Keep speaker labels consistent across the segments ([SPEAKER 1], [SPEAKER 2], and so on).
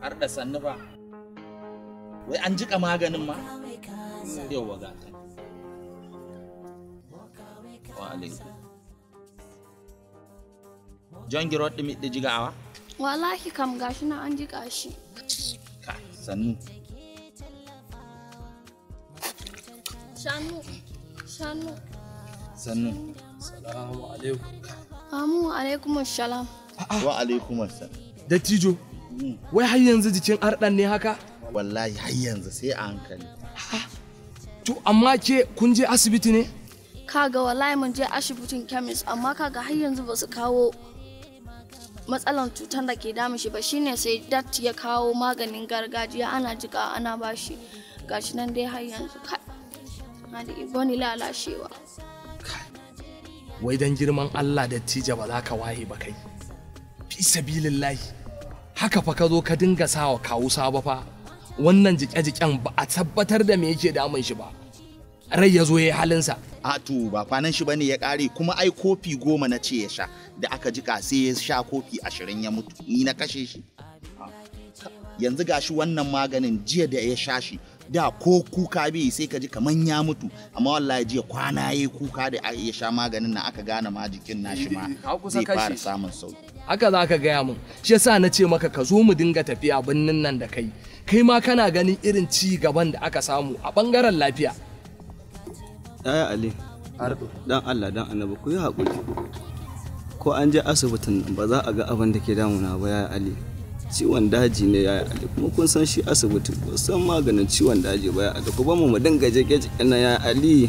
[SPEAKER 1] har da sannu ba wai an jika maganin ma yau waga ta wa alaikum john girod ɗin ɗi jigawa
[SPEAKER 2] wallahi kam gashi na an jika shi
[SPEAKER 3] ka sannu
[SPEAKER 2] shanu sannu
[SPEAKER 3] salamu alaikum
[SPEAKER 2] amu alaikum assalam
[SPEAKER 3] wa alaikum assalam dattijo wai har yanzu jikin arɗan ne haka wallahi har yanzu sai a hankali to amma ke kun je asibiti ne
[SPEAKER 2] kaga wallahi mun je asibitin chemist amma kaga har yanzu ba su kawo matsalan cutar da ke damu shi ba shine sai dat ya kawo maganin gargajiya ana jika ana bashi gashi nan dai har yanzu kai na da iboni lalashewa
[SPEAKER 3] wai dan girman Allah da tija ba za ka waye ba kai fi sabilillahi haka fa ka zo ka dinga sawa kawu sabo fa wannan jike-jiken ba a tabbatar da me yake damun shi ba rai ya zo ya yi halinsa a to ba kwanan shi bane ya kare kuma ai kofi goma na ce
[SPEAKER 1] ya sha da aka jika sai ya sha kofi ashirin ya mutu ni na kashe shi ah. yanzu gashi wannan maganin jiya da ya sha shi da ko kuka bi sai ka ji kaman ya mutu amma wallahi jiya kwana ya kuka da ya sha maganin na aka gane ma jikin nashi ma zai fara samun sauki
[SPEAKER 3] haka za ka gaya mun shi yasa na ce maka ka zo mu dinga tafiya birnin nan da kai kai ma kana ganin irin ci gaban da aka samu a bangaren lafiya
[SPEAKER 1] ɗaya ali dan allah dan annabi ku yi haƙuri ko an je asibitin ba za a ga abin da ke damuna ba ya ali ciwon daji ne ya ali kuma kun san shi asibiti ko san maganin ciwon daji ba ya ali ku ba mu mu dinga jike jike na ya ali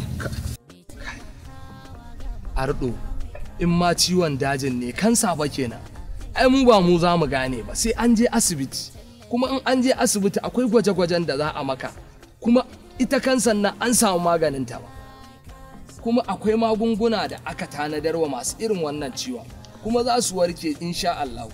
[SPEAKER 3] ardo in ma ciwon dajin ne sa ba kenan ai mu ba mu za mu gane ba sai an je asibiti kuma in an je asibiti akwai gwaje-gwajen da za a maka kuma ita kansan sannan an samu maganin ta ba kuma akwai magunguna da aka tanadar wa masu irin wannan ciwon kuma za su warke insha Allah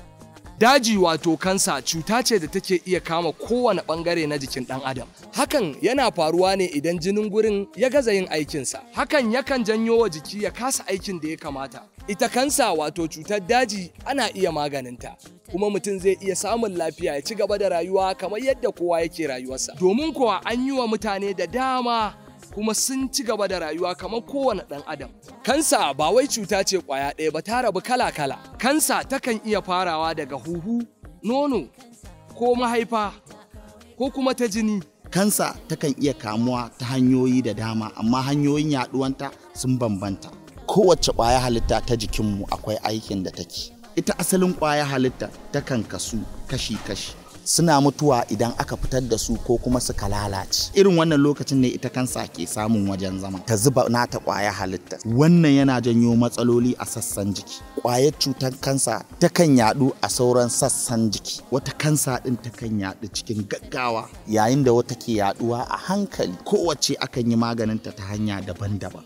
[SPEAKER 3] Daji wato kansa cuta ce da take iya kama kowane bangare na jikin ɗan adam. Hakan yana faruwa ne idan jinin gurin ya gaza yin aikinsa. Hakan yakan janyo wa jiki ya kasa aikin da ya kamata. Ita kansa wato cutar daji ana iya maganinta. kuma mutum zai iya samun lafiya ya ci gaba da rayuwa kamar yadda kowa yake rayuwarsa. Domin kuwa an yi wa mutane da dama kuma sun ci gaba da rayuwa kamar kowane ɗan adam. Kansa ba wai cuta ce ƙwaya ɗaya ba ta rabu kala-kala. Kansa takan iya farawa daga huhu, nono, ko mahaifa, ko kuma ta jini.
[SPEAKER 1] Kansa takan iya kamuwa ta hanyoyi da dama, amma hanyoyin yaɗuwanta sun bambanta. Kowace ƙwaya halitta ta jikinmu akwai aikin da take. Ita asalin ƙwaya halitta takan kasu kashi-kashi. suna mutuwa idan aka fitar da su ko kuma suka lalace irin wannan lokacin ne ita kansa ke samun wajen zama ta zuba nata kwaya halitta wannan yana janyo matsaloli a sassan jiki kwayar cutar kansa takan yadu a sauran sassan jiki wata kansa din takan yadu cikin gaggawa yayin da wata ke yaduwa a hankali kowace akan yi maganinta ta hanya daban-daban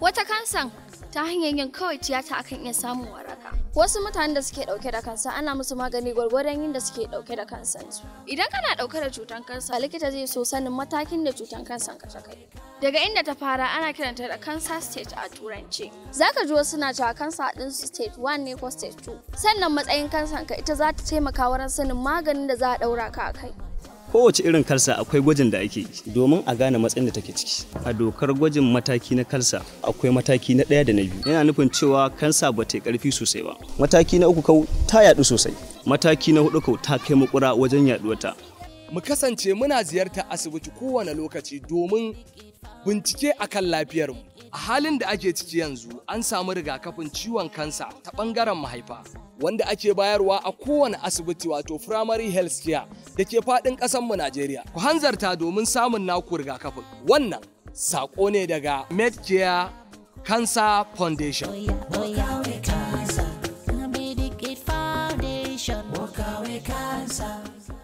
[SPEAKER 2] wata kansan ta hanyar yin kawai tiyata akan iya samun wara wasu mutanen da suke dauke da kansa ana musu magani gwargwadon da suke dauke da kansa. idan kana dauke da cutan kansa likita zai so sanin matakin da cutan kansa ka kai daga inda ta fara ana kiranta da kansa state a Turanci. zaka ji wasu na cewa kansa din state 1 ne ko state 2 sannan matsayin kansan ka ita za ta taimaka wurin sanin maganin da za a daura ka a kai
[SPEAKER 1] kowace irin kalsa akwai gwajin da ake yi. domin a gane matsayin da take ciki a dokar gwajin mataki na kalsa akwai mataki na ɗaya da na biyu yana nufin cewa kansa ba ta karfi sosai ba mataki na uku kau ta yaɗu sosai mataki na hudu kau ta kai makura wajen
[SPEAKER 3] yaɗuwata. mu kasance muna ziyarta asibiti kowane lokaci domin bincike akan lafiyarmu A halin da ake ciki yanzu an samu rigakafin ciwon kansa ta bangaren mahaifa wanda ake bayarwa a kowane asibiti wato primary health care da ke faɗin ƙasanmu Najeriya. Ku hanzarta domin samun naku rigakafin. Wannan saƙo ne daga Medcare Cancer Foundation.